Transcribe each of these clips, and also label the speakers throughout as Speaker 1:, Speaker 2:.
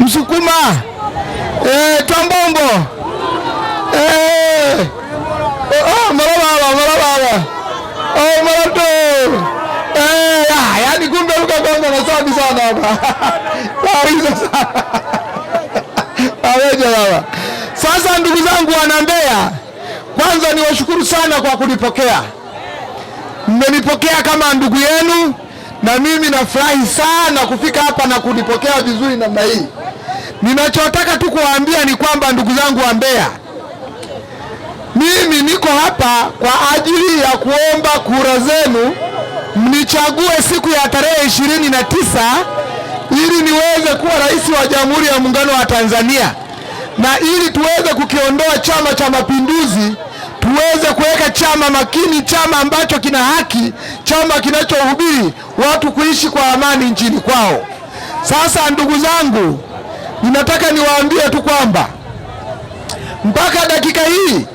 Speaker 1: Msukuma e, Twambombo e, oh, Marababa Marababa oh, Marato oh, e, eh, ya, yani kumbe lugha kwanza nasabi sana hapa awiza baba. Sasa ndugu zangu wana Mbeya, kwanza niwashukuru sana kwa kunipokea, mmenipokea kama ndugu yenu, na mimi nafurahi sana kufika hapa na kunipokea vizuri namna hii. Ninachotaka tu kuwaambia ni kwamba ndugu zangu wa Mbeya, mimi niko hapa kwa ajili ya kuomba kura zenu mnichague siku ya tarehe ishirini na tisa ili niweze kuwa rais wa Jamhuri ya Muungano wa Tanzania na ili tuweze kukiondoa Chama cha Mapinduzi, tuweze kuweka chama makini, chama ambacho kina haki, chama kinachohubiri watu kuishi kwa amani nchini kwao. Sasa ndugu zangu Ninataka niwaambie tu kwamba mpaka dakika hii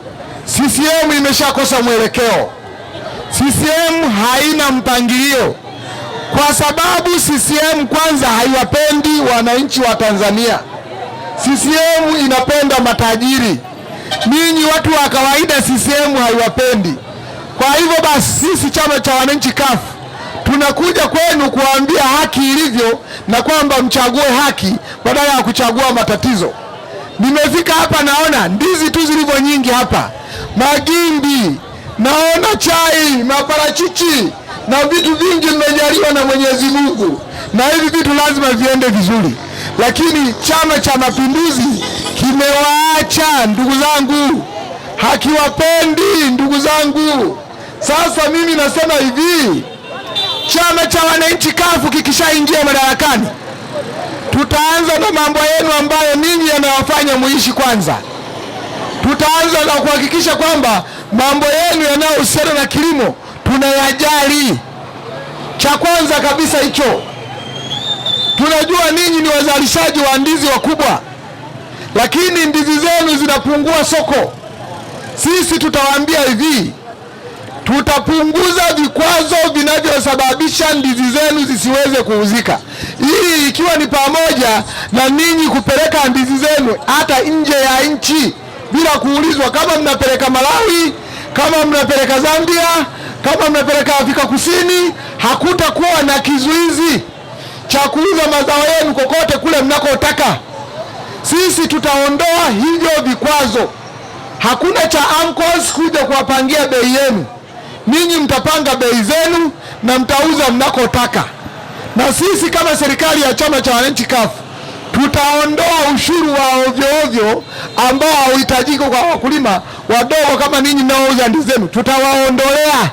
Speaker 1: CCM imeshakosa mwelekeo. CCM haina mpangilio kwa sababu CCM kwanza haiwapendi wananchi wa Tanzania. CCM inapenda matajiri, ninyi watu wa kawaida CCM haiwapendi. Kwa hivyo basi, sisi chama cha wananchi kafu tunakuja kwenu kuwaambia haki ilivyo na kwamba mchague haki badala ya kuchagua matatizo. Nimefika hapa naona ndizi tu zilivyo nyingi hapa, magimbi, naona chai, maparachichi na vitu vingi vimejaliwa na Mwenyezi Mungu, na hivi vitu lazima viende vizuri, lakini Chama cha Mapinduzi kimewaacha ndugu zangu, hakiwapendi ndugu zangu. Sasa mimi nasema hivi, chama cha wananchi kafu kikishaingia madarakani Tutaanza na mambo yenu ambayo ninyi yanawafanya muishi kwanza. Tutaanza na kuhakikisha kwamba mambo yenu yanayohusiana na kilimo tunayajali. Cha kwanza kabisa hicho, tunajua ninyi ni wazalishaji wa ndizi wakubwa, lakini ndizi zenu zinapungua soko. Sisi tutawaambia hivi tutapunguza vikwazo vinavyosababisha ndizi zenu zisiweze kuuzika. Hii ikiwa ni pamoja na ninyi kupeleka ndizi zenu hata nje ya nchi bila kuulizwa, kama mnapeleka Malawi, kama mnapeleka Zambia, kama mnapeleka Afrika Kusini, hakutakuwa na kizuizi cha kuuza mazao yenu kokote kule mnakotaka. Sisi tutaondoa hivyo vikwazo. Hakuna cha AMCOS kuja kuwapangia bei yenu. Ninyi mtapanga bei zenu na mtauza mnakotaka, na sisi kama serikali ya chama cha wananchi kafu tutaondoa ushuru wa ovyoovyo ambao hauhitajiki kwa wakulima wadogo kama ninyi mnaouza ndizi zenu, tutawaondolea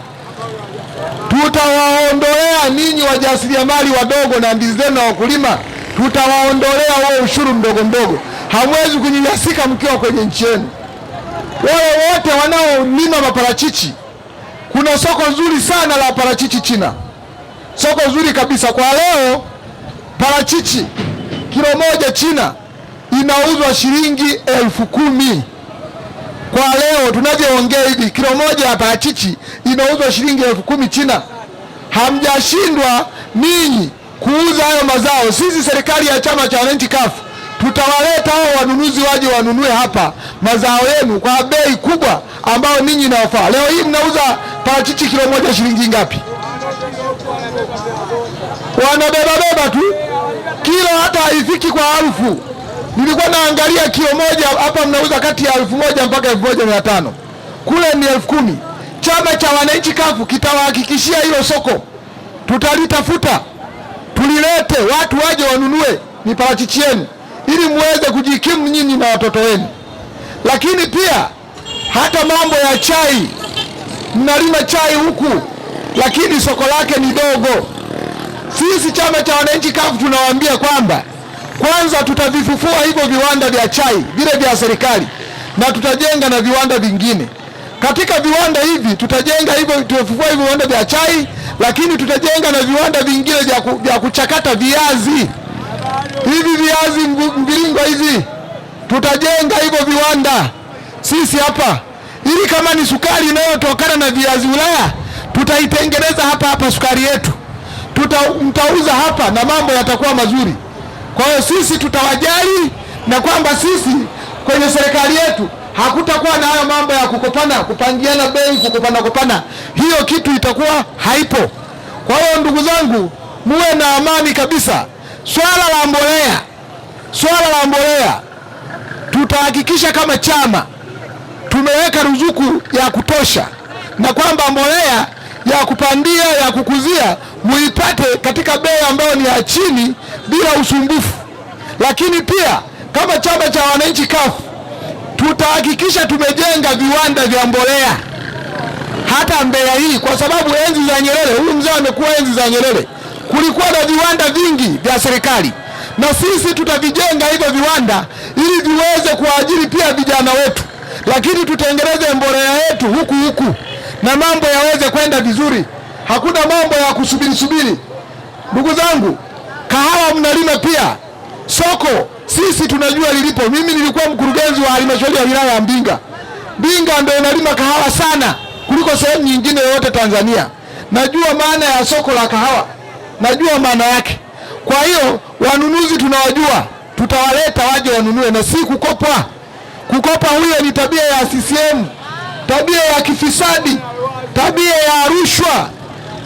Speaker 1: tutawaondolea ninyi wajasiriamali wadogo na ndizi zenu na wakulima, tutawaondolea huo ushuru mdogo mdogo. Hamwezi kunyanyasika mkiwa kwenye nchi yenu. Wale wote wanaolima maparachichi kuna soko nzuri sana la parachichi China, soko nzuri kabisa kwa leo. Parachichi kilo moja China inauzwa shilingi elfu kumi kwa leo tunavyoongea hivi, kilo moja ya parachichi inauzwa shilingi elfu kumi China. Hamjashindwa ninyi kuuza hayo mazao. Sisi serikali ya chama cha wananchi kafu tutawaleta hao wanunuzi waje wanunue hapa mazao yenu kwa bei kubwa ambayo ninyi inawafaa. Leo hii mnauza parachichi kilo moja shilingi ngapi? Wanabebabeba tu kilo, hata haifiki kwa elfu. Nilikuwa naangalia kilo moja hapa mnauza kati ya elfu moja mpaka elfu moja mia tano kule ni elfu kumi. Chama cha Wananchi kafu kitawahakikishia hilo soko, tutalitafuta tulilete, watu waje wanunue parachichi yenu ili muweze kujikimu nyinyi na watoto wenu. Lakini pia hata mambo ya chai, mnalima chai huku, lakini soko lake ni dogo. Sisi chama cha wananchi kafu tunawaambia kwamba kwanza tutavifufua hivyo viwanda vya chai vile vya serikali, na tutajenga na viwanda vingine. Katika viwanda hivi tutajenga hivyo, tutafufua hivyo viwanda vya chai, lakini tutajenga na viwanda vingine vya kuchakata viazi hivi viazi mviringo hivi, tutajenga hivyo viwanda sisi hapa, ili kama ni sukari inayotokana na viazi Ulaya, tutaitengeneza hapa hapa sukari yetu, tuta mtauza hapa na mambo yatakuwa mazuri. Kwa hiyo sisi tutawajali na kwamba sisi kwenye serikali yetu hakutakuwa na hayo mambo ya kukopana, kupangiana bei, kukopana kupana, hiyo kitu itakuwa haipo. Kwa hiyo ndugu zangu, muwe na amani kabisa. Swala la mbolea, swala la mbolea tutahakikisha kama chama tumeweka ruzuku ya kutosha, na kwamba mbolea ya kupandia ya kukuzia muipate katika bei ambayo ni ya chini bila usumbufu. Lakini pia kama chama cha wananchi kafu tutahakikisha tumejenga viwanda vya mbolea hata Mbeya hii, kwa sababu enzi za Nyerere, huyu mzee amekuwa enzi za Nyerere kulikuwa na viwanda vingi vya serikali, na sisi tutavijenga hivyo viwanda ili viweze kuwaajiri pia vijana wetu, lakini tutengeneze mbolea yetu huku huku na mambo yaweze kwenda vizuri. Hakuna mambo ya kusubiri subiri. Ndugu zangu, kahawa mnalima pia, soko sisi tunajua lilipo. Mimi nilikuwa mkurugenzi wa halmashauri ya wilaya ya Mbinga. Mbinga ndio inalima kahawa sana kuliko sehemu nyingine yoyote Tanzania. Najua maana ya soko la kahawa najua maana yake. Kwa hiyo wanunuzi tunawajua, tutawaleta waje wanunue na si kukopa. Kukopa huyo ni tabia ya CCM, tabia ya kifisadi, tabia ya rushwa.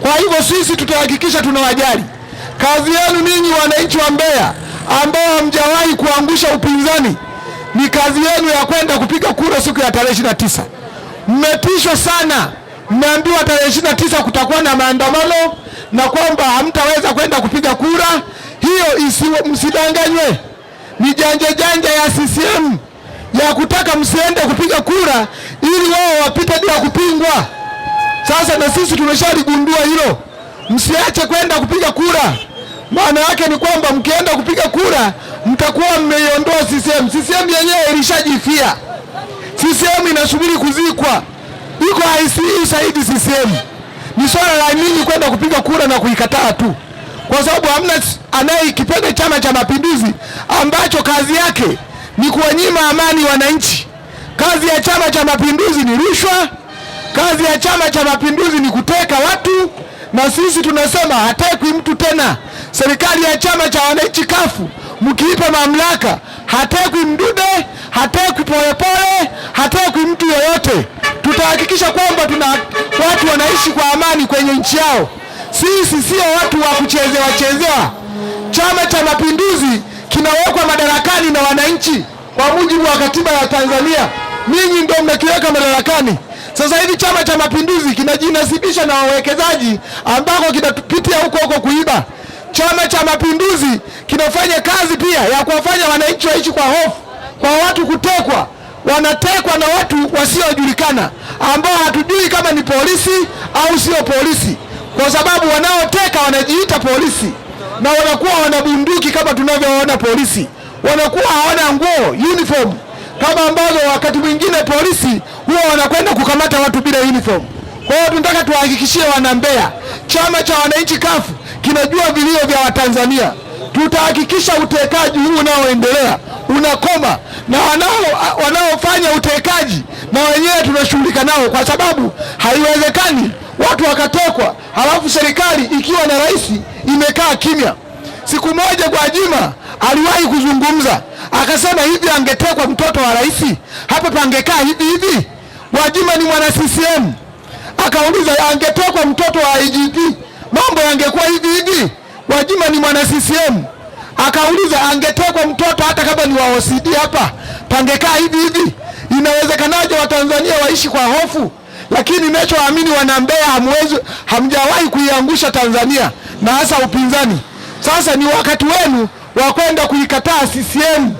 Speaker 1: Kwa hivyo sisi tutahakikisha tunawajali. Kazi yenu ninyi wananchi wa Mbeya ambao hamjawahi kuangusha upinzani, ni kazi yenu ya kwenda kupiga kura siku ya tarehe ishirini na tisa. Mmetishwa sana, mmeambiwa tarehe ishirini na tisa kutakuwa na maandamano na kwamba hamtaweza kwenda kupiga kura hiyo msidanganywe. Ni janja janja ya CCM ya kutaka msiende kupiga kura ili wao wapite bila kupingwa. Sasa na sisi tumeshaligundua hilo, msiache kwenda kupiga kura. Maana yake ni kwamba mkienda kupiga kura mtakuwa mmeiondoa CCM. CCM yenyewe ilishajifia, CCM inasubiri kuzikwa, iko ICU saidi CCM ni swala la nini kwenda kupiga kura na kuikataa tu, kwa sababu hamna anayekipenda Chama cha Mapinduzi ambacho kazi yake ni kuwanyima amani wananchi. Kazi ya Chama cha Mapinduzi ni rushwa, kazi ya Chama cha Mapinduzi ni kuteka watu, na sisi tunasema hatekwi mtu tena. Serikali ya Chama cha Wananchi kafu mkiipa mamlaka, hatekwi Mdude, hatekwi Polepole, hatekwi mtu yoyote tutahakikisha kwamba tuna watu wanaishi kwa amani kwenye nchi yao. Sisi sio watu wa kuchezewa chezewa. Chama cha Mapinduzi kinawekwa madarakani na wananchi kwa mujibu wa katiba ya Tanzania. Ninyi ndio mnakiweka madarakani. Sasa hivi Chama cha Mapinduzi kinajinasibisha na wawekezaji ambako kinapitia huko huko kuiba. Chama cha Mapinduzi kinafanya kazi pia ya kuwafanya wananchi waishi kwa hofu, kwa watu kutekwa wanatekwa na watu wasiojulikana ambao hatujui kama ni polisi au sio polisi, kwa sababu wanaoteka wanajiita polisi na wanakuwa wanabunduki kama tunavyoona polisi, wanakuwa hawana nguo uniform kama ambazo wakati mwingine polisi huwa wanakwenda kukamata watu bila uniform. Kwa hiyo tunataka tuwahakikishie wana Mbeya, chama cha wananchi kafu kinajua vilio vya Watanzania tutahakikisha utekaji huu unaoendelea unakoma, na wanao wanaofanya utekaji na wenyewe tunashughulika nao, kwa sababu haiwezekani watu wakatekwa, halafu serikali ikiwa na rais imekaa kimya. Siku moja Gwajima aliwahi kuzungumza akasema hivi, angetekwa mtoto wa rais hapa pangekaa hivi hivi? Gwajima ni mwana CCM, akauliza angetekwa mtoto wa IGP mambo yangekuwa hivi hivi? Wajima ni mwana CCM akauliza, angetekwa mtoto hata kama ni wa OCD hapa pangekaa hivi hivi? Inawezekanaje watanzania waishi kwa hofu? Lakini ninachoamini wana Mbeya, hamwezi hamjawahi kuiangusha Tanzania na hasa upinzani. Sasa ni wakati wenu wa kwenda kuikataa CCM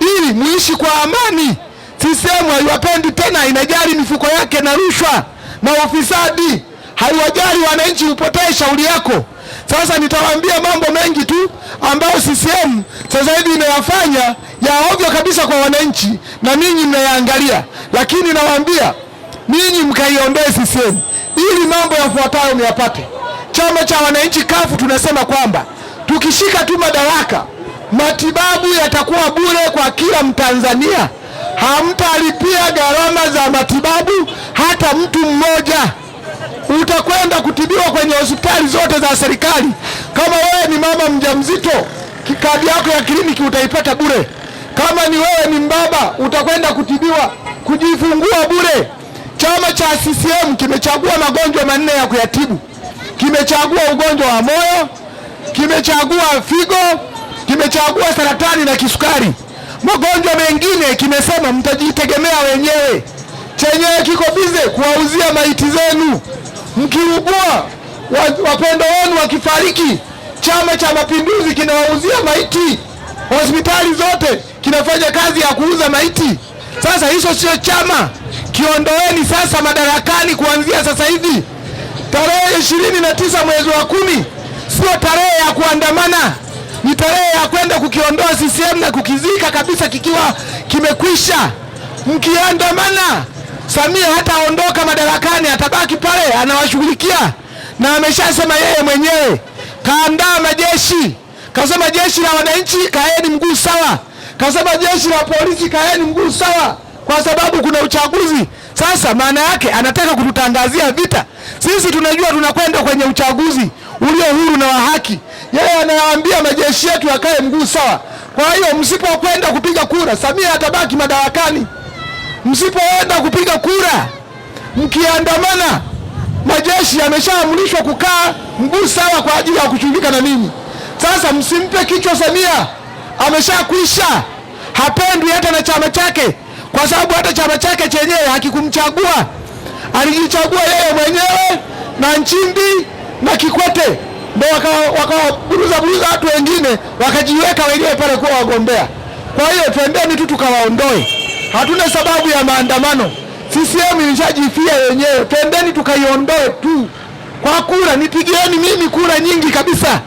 Speaker 1: ili muishi kwa amani. CCM haiwapendi tena, inajali mifuko yake na rushwa na ufisadi, haiwajali wananchi. Upotee shauri yako. Sasa nitawaambia mambo mengi tu ambayo CCM sasa hivi imeyafanya ya ovyo kabisa kwa wananchi, na ninyi mnayaangalia, lakini nawaambia ninyi mkaiondoe CCM ili mambo yafuatayo myapate. Chama cha Wananchi kafu tunasema kwamba tukishika tu madaraka, matibabu yatakuwa bure kwa kila Mtanzania. Hamtalipia gharama za matibabu hata mtu mmoja utakwenda kutibiwa kwenye hospitali zote za serikali. Kama wewe ni mama mjamzito, kadi yako ya kliniki utaipata bure. Kama ni wewe ni mbaba, utakwenda kutibiwa kujifungua bure. Chama cha CCM kimechagua magonjwa manne ya kuyatibu. Kimechagua ugonjwa wa moyo, kimechagua figo, kimechagua saratani na kisukari. Magonjwa mengine kimesema mtajitegemea wenyewe chenyewe kiko bize kuwauzia maiti zenu. Mkiugua wapendo wenu wakifariki, Chama cha Mapinduzi kinawauzia maiti. Hospitali zote kinafanya kazi ya kuuza maiti. Sasa hicho sio chama, kiondoeni sasa madarakani kuanzia sasa hivi. Tarehe ishirini na tisa mwezi wa kumi sio tarehe ya kuandamana, ni tarehe ya kwenda kukiondoa CCM na kukizika kabisa kikiwa kimekwisha. Mkiandamana Samia hataondoka madarakani, atabaki pale anawashughulikia, na ameshasema yeye mwenyewe kaandaa majeshi, kasema jeshi la wananchi kaeni mguu sawa, kasema jeshi la polisi kaeni mguu sawa, kwa sababu kuna uchaguzi. Sasa maana yake anataka kututangazia vita. Sisi tunajua tunakwenda kwenye uchaguzi ulio huru na wa haki, yeye anawaambia majeshi yetu yakae mguu sawa. Kwa hiyo msipokwenda kupiga kura, Samia atabaki madarakani msipoenda kupiga kura, mkiandamana, majeshi yameshaamrishwa kukaa mguu sawa kwa ajili ya kushughulika na ninyi. Sasa msimpe kichwa Samia, ameshakwisha. Hapendwi hata na chama chake, kwa sababu hata chama chake chenyewe hakikumchagua. Alijichagua yeye mwenyewe na Nchimbi na Kikwete, ndo wakawaburuza waka buruza watu wengine, wakajiweka wenyewe pale kuwa wagombea. Kwa hiyo twendeni tu tukawaondoe. Hatuna sababu ya maandamano. CCM ilishajifia yenyewe, twendeni tukaiondoe tu kwa kura. Nipigieni mimi kura nyingi kabisa,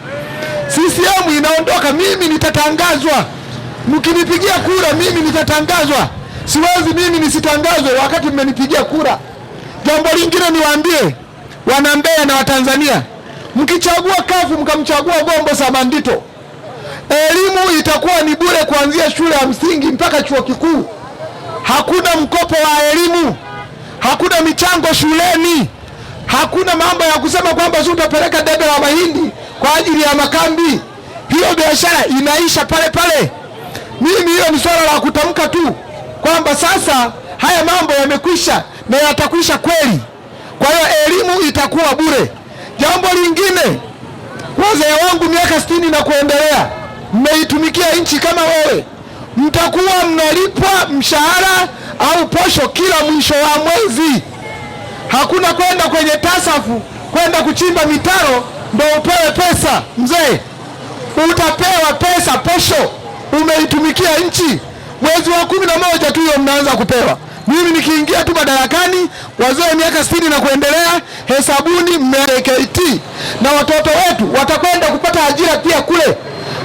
Speaker 1: CCM inaondoka, mimi nitatangazwa. Mkinipigia kura mimi nitatangazwa. Siwezi mimi nisitangazwe wakati mmenipigia kura. Jambo lingine niwaambie wana Mbeya na Watanzania, mkichagua kafu mkamchagua Gombo Samandito, elimu itakuwa ni bure kuanzia shule ya msingi mpaka chuo kikuu hakuna mkopo wa elimu, hakuna michango shuleni, hakuna mambo ya kusema kwamba si utapeleka debe la mahindi kwa ajili ya makambi. Hiyo biashara inaisha pale pale. Mimi hiyo ni swala la kutamka tu kwamba sasa haya mambo yamekwisha na yatakwisha kweli. Kwa hiyo elimu itakuwa bure. Jambo lingine, wazee wangu miaka sitini na kuendelea, mmeitumikia nchi kama wewe mtakuwa mnalipwa mshahara au posho kila mwisho wa mwezi. Hakuna kwenda kwenye tasafu kwenda kuchimba mitaro ndo upewe pesa. Mzee, utapewa pesa posho, umeitumikia nchi. Mwezi wa kumi na moja tu hiyo mnaanza kupewa. Mimi nikiingia tu madarakani, wazee wa miaka sitini na kuendelea, hesabuni mmeket, na watoto wetu watakwenda kupata ajira pia kule,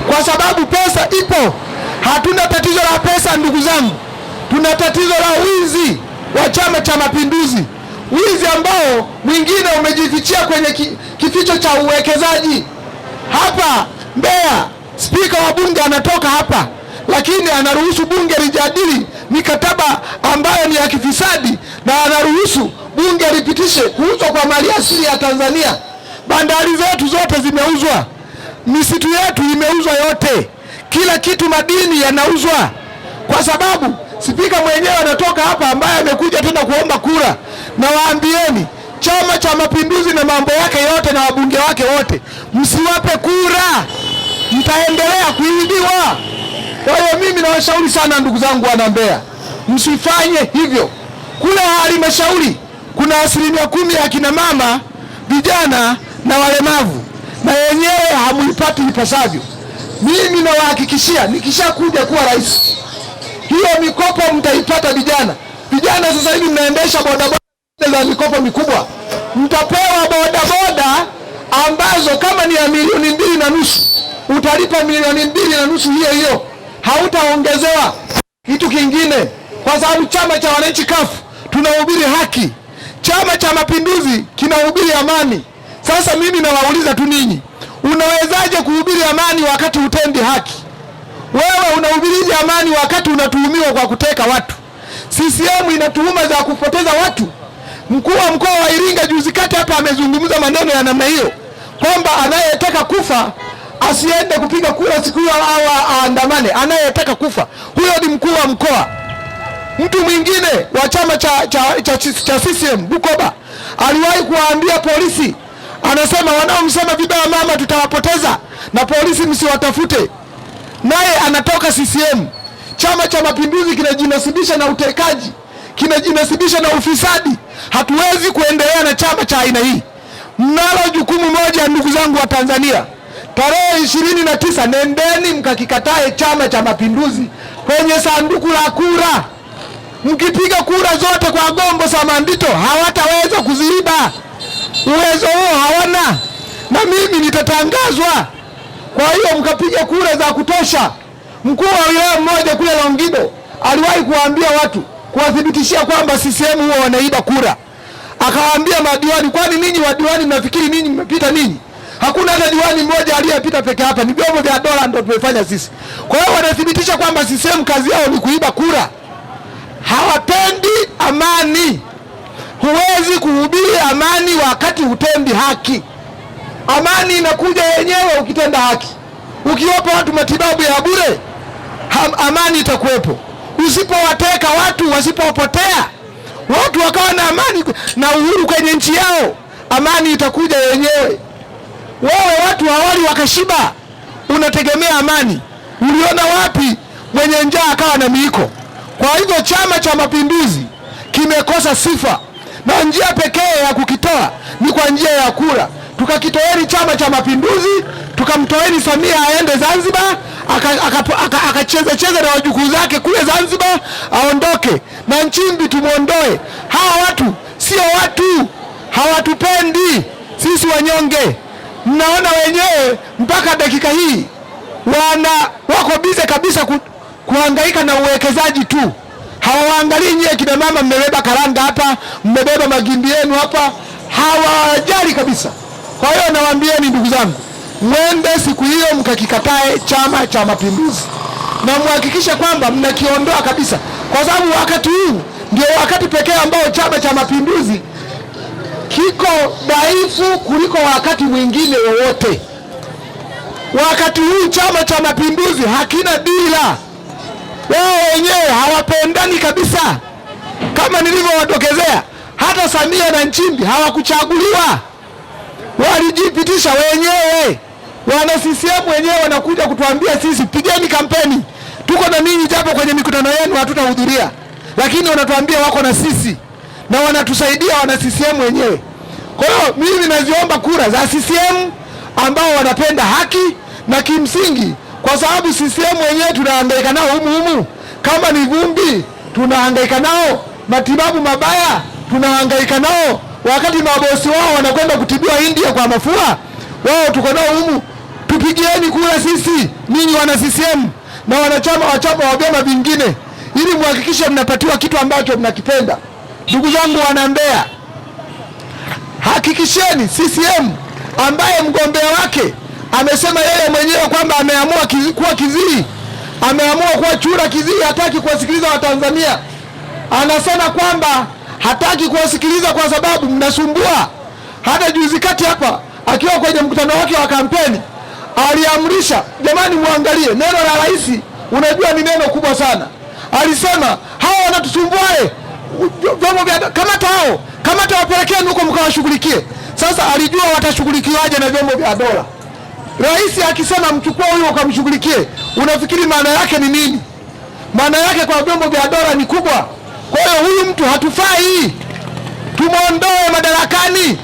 Speaker 1: kwa sababu pesa ipo. Hatuna tatizo la pesa, ndugu zangu, tuna tatizo la wizi wa Chama cha Mapinduzi, wizi ambao mwingine umejifichia kwenye kificho cha uwekezaji. Hapa Mbeya, spika wa bunge anatoka hapa, lakini anaruhusu bunge lijadili mikataba ambayo ni ya kifisadi na anaruhusu bunge lipitishe kuuzwa kwa asili ya Tanzania. Bandari zetu zote zimeuzwa, misitu yetu imeuzwa yote kila kitu, madini yanauzwa, kwa sababu spika mwenyewe anatoka hapa, ambaye amekuja tena kuomba kura. Na waambieni Chama cha Mapinduzi na mambo yake yote na wabunge wake wote, msiwape kura, mtaendelea kuibiwa. Kwa hiyo mimi nawashauri sana ndugu zangu wana Mbeya, msifanye hivyo. Kule halmashauri kuna asilimia kumi ya kina mama, vijana na walemavu, na yenyewe hamuipati ipasavyo. Mimi nawahakikishia nikishakuja kuwa rais, hiyo mikopo mtaipata vijana. Vijana sasa hivi mnaendesha bodaboda za mikopo mikubwa, mtapewa bodaboda ambazo kama ni ya milioni mbili na nusu utalipa milioni mbili na nusu hiyo hiyo, hautaongezewa kitu kingine, kwa sababu chama cha wananchi kafu tunahubiri haki, chama cha mapinduzi kinahubiri amani. Sasa mimi nawauliza tu ninyi Unawezaje kuhubiri amani wakati utendi haki? Wewe unahubirije amani wakati unatuhumiwa kwa kuteka watu? CCM inatuhuma za kupoteza watu. Mkuu wa mkoa wa Iringa juzi kati hapa amezungumza maneno ya namna hiyo, kwamba anayetaka kufa asiende kupiga kura siku hiyo au aandamane. Anayetaka kufa huyo ni mkuu wa mkoa. Mtu mwingine wa chama cha, cha, cha, cha CCM Bukoba aliwahi kuwaambia polisi anasema wanaomsema vibaya mama tutawapoteza na polisi msiwatafute. Naye anatoka CCM, Chama cha Mapinduzi kinajinasibisha na utekaji, kinajinasibisha na ufisadi. Hatuwezi kuendelea na chama cha aina hii. Mnalo jukumu moja ndugu zangu wa Tanzania, tarehe ishirini na tisa nendeni mkakikatae Chama cha Mapinduzi kwenye sanduku la kura. Mkipiga kura zote kwa Gombo Samandito hawataweza kuziiba uwezo huo hawana, na mimi nitatangazwa. Kwa hiyo mkapiga kura za kutosha. Mkuu wa wilaya mmoja kule Longido aliwahi kuwaambia watu, kuwathibitishia kwamba CCM huo wanaiba kura, akawaambia madiwani, kwani ninyi wadiwani mnafikiri ninyi mmepita ninyi? Hakuna hata diwani mmoja aliyepita peke hapa, ni vyombo vya dola ndio tumefanya sisi. Kwa hiyo wanathibitisha kwamba CCM kazi yao ni kuiba kura, hawapendi amani. Huwezi kuhubiri amani wakati hutendi haki. Amani inakuja yenyewe ukitenda haki. Ukiwapa watu matibabu ya bure, amani itakuwepo. Usipowateka watu, wasipopotea watu wakawa na amani na uhuru kwenye nchi yao, amani itakuja yenyewe. Wewe watu hawali wakashiba, unategemea amani? Uliona wapi mwenye njaa akawa na miiko? Kwa hivyo Chama cha Mapinduzi kimekosa sifa na njia pekee ya kukitoa ni kwa njia ya kura. Tukakitoeni Chama cha Mapinduzi, tukamtoeni Samia aende Zanzibar aka cheze na wajukuu zake kule Zanzibar, aondoke na Nchimbi tumwondoe. Hawa watu sio watu, hawatupendi sisi wanyonge. Mnaona wenyewe mpaka dakika hii wana wako bize kabisa ku, kuhangaika na uwekezaji tu hawaangalii nyie kina mama mmebeba karanga hapa, mmebeba magimbi yenu hapa, hawajali kabisa. Kwa hiyo nawaambieni ndugu zangu, mwende siku hiyo mkakikatae Chama cha Mapinduzi na mhakikishe kwamba mnakiondoa kabisa, kwa sababu wakati huu ndio wakati pekee ambao Chama cha Mapinduzi kiko dhaifu kuliko wakati mwingine wowote. Wakati huu Chama cha Mapinduzi hakina dira wao wenyewe hawapendani kabisa, kama nilivyowatokezea. Hata Samia na Nchimbi hawakuchaguliwa, walijipitisha wenyewe. Wana CCM wenyewe wanakuja kutuambia sisi, pigeni kampeni, tuko na ninyi, japo kwenye mikutano yenu hatutahudhuria, lakini wanatuambia wako na sisi na wanatusaidia wana CCM wenyewe. Kwa hiyo mimi naziomba kura za CCM ambao wanapenda haki na kimsingi kwa sababu CCM wenyewe tunahangaika nao humu humu, kama ni vumbi tunahangaika nao, matibabu mabaya tunahangaika nao, wakati mabosi wao wanakwenda kutibiwa India kwa mafua, wao tuko nao humu. Tupigieni kura sisi, ninyi wana CCM na wanachama wa chama wa vyama vingine, ili muhakikishe mnapatiwa kitu ambacho mnakipenda. Ndugu zangu wana Mbeya, hakikisheni CCM ambaye mgombea wake amesema yeye mwenyewe kwamba ameamua kizi, kuwa kizii, ameamua kuwa chura kizii, hataki kuwasikiliza Watanzania. Anasema kwamba hataki kuwasikiliza kwa sababu mnasumbua. Hata juzi kati hapa akiwa kwenye mkutano wake wa kampeni aliamrisha, jamani, muangalie neno la rais, unajua ni neno kubwa sana. Alisema hawa wanatusumbuae vyombo vya kamata hao, kamata, wapelekeni huko mkawashughulikie. Sasa alijua watashughulikiwaje na vyombo vya dola. Rais akisema mchukua huyu ukamshughulikie, unafikiri maana yake ni nini? Maana yake kwa vyombo vya dola ni kubwa. Kwa hiyo huyu mtu hatufai, tumwondoe madarakani,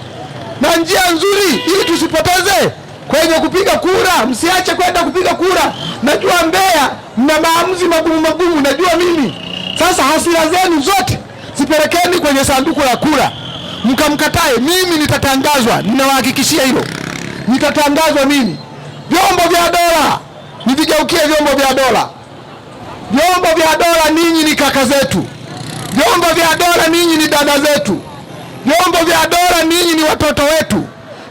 Speaker 1: na njia nzuri ili tusipoteze kwenye kupiga kura. Msiache kwenda kupiga kura. Najua Mbeya mna maamuzi magumu magumu, najua mimi. Sasa hasira zenu zote zipelekeni kwenye sanduku la kura, mkamkatae. Mimi nitatangazwa, ninawahakikishia hilo nitatangazwa mimi. Vyombo vya dola, nivigeukie vyombo vya dola. Vyombo vya dola, ninyi ni kaka zetu. Vyombo vya dola, ninyi ni dada zetu. Vyombo vya dola, ninyi ni watoto wetu.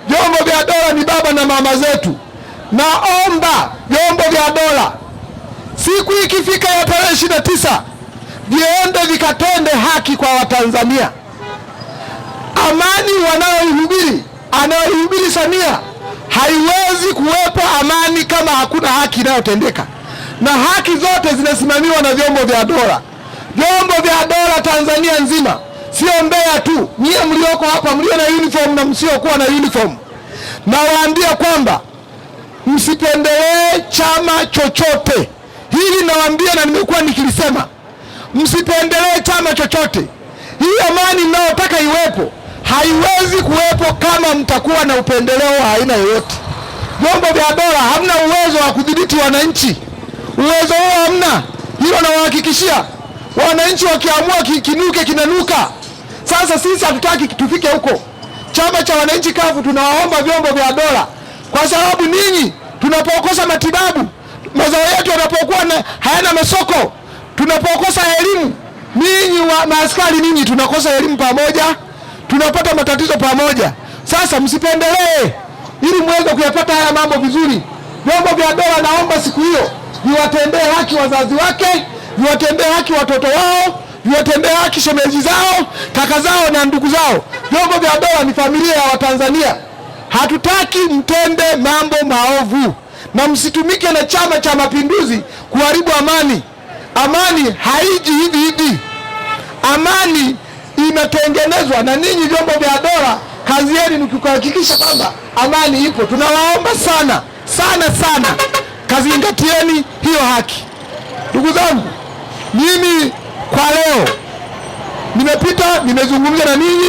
Speaker 1: Vyombo vya dola ni baba na mama zetu. Naomba vyombo vya dola siku ikifika ya tarehe ishirini na tisa viende vikatende haki kwa Watanzania. Amani wanayoihubiri anayoihubiri Samia Haiwezi kuwepo amani kama hakuna haki inayotendeka, na haki zote zinasimamiwa na vyombo vya dola. Vyombo vya dola Tanzania nzima, sio Mbeya tu. Nyie mlioko hapa mlio na uniform na msiokuwa na uniform, nawaambia kwamba msipendelee chama chochote. Hili nawaambia na nimekuwa nikilisema, msipendelee chama chochote. Hii amani mnayotaka iwepo haiwezi kuwepo kama mtakuwa na upendeleo wa aina yoyote. Vyombo vya dola hamna uwezo wa kudhibiti wananchi, uwezo huo hamna. Hilo nawahakikishia wananchi, wakiamua kinuke kinanuka. Sasa sisi hatutaki tufike huko. Chama cha wananchi kafu tunawaomba vyombo vya dola, kwa sababu ninyi, tunapokosa matibabu, mazao yetu yanapokuwa hayana masoko, tunapokosa elimu, ninyi maaskari, ninyi tunakosa elimu pamoja tunapata matatizo pamoja. Sasa msipendelee, ili muweze kuyapata haya mambo vizuri. Vyombo vya dola, naomba siku hiyo viwatendee haki wazazi wake, viwatendee haki watoto wao, viwatendee haki shemeji zao, kaka zao na ndugu zao. Vyombo vya dola ni familia ya Watanzania. Hatutaki mtende mambo maovu na msitumike na Chama cha Mapinduzi kuharibu amani. Amani haiji hivi hivi, amani imetengenezwa na ninyi vyombo vya dola, kazi yenu ni kuhakikisha kwamba amani ipo. Tunawaomba sana sana sana, kazingatieni hiyo haki. Ndugu zangu, mimi kwa leo nimepita, nimezungumza na ninyi.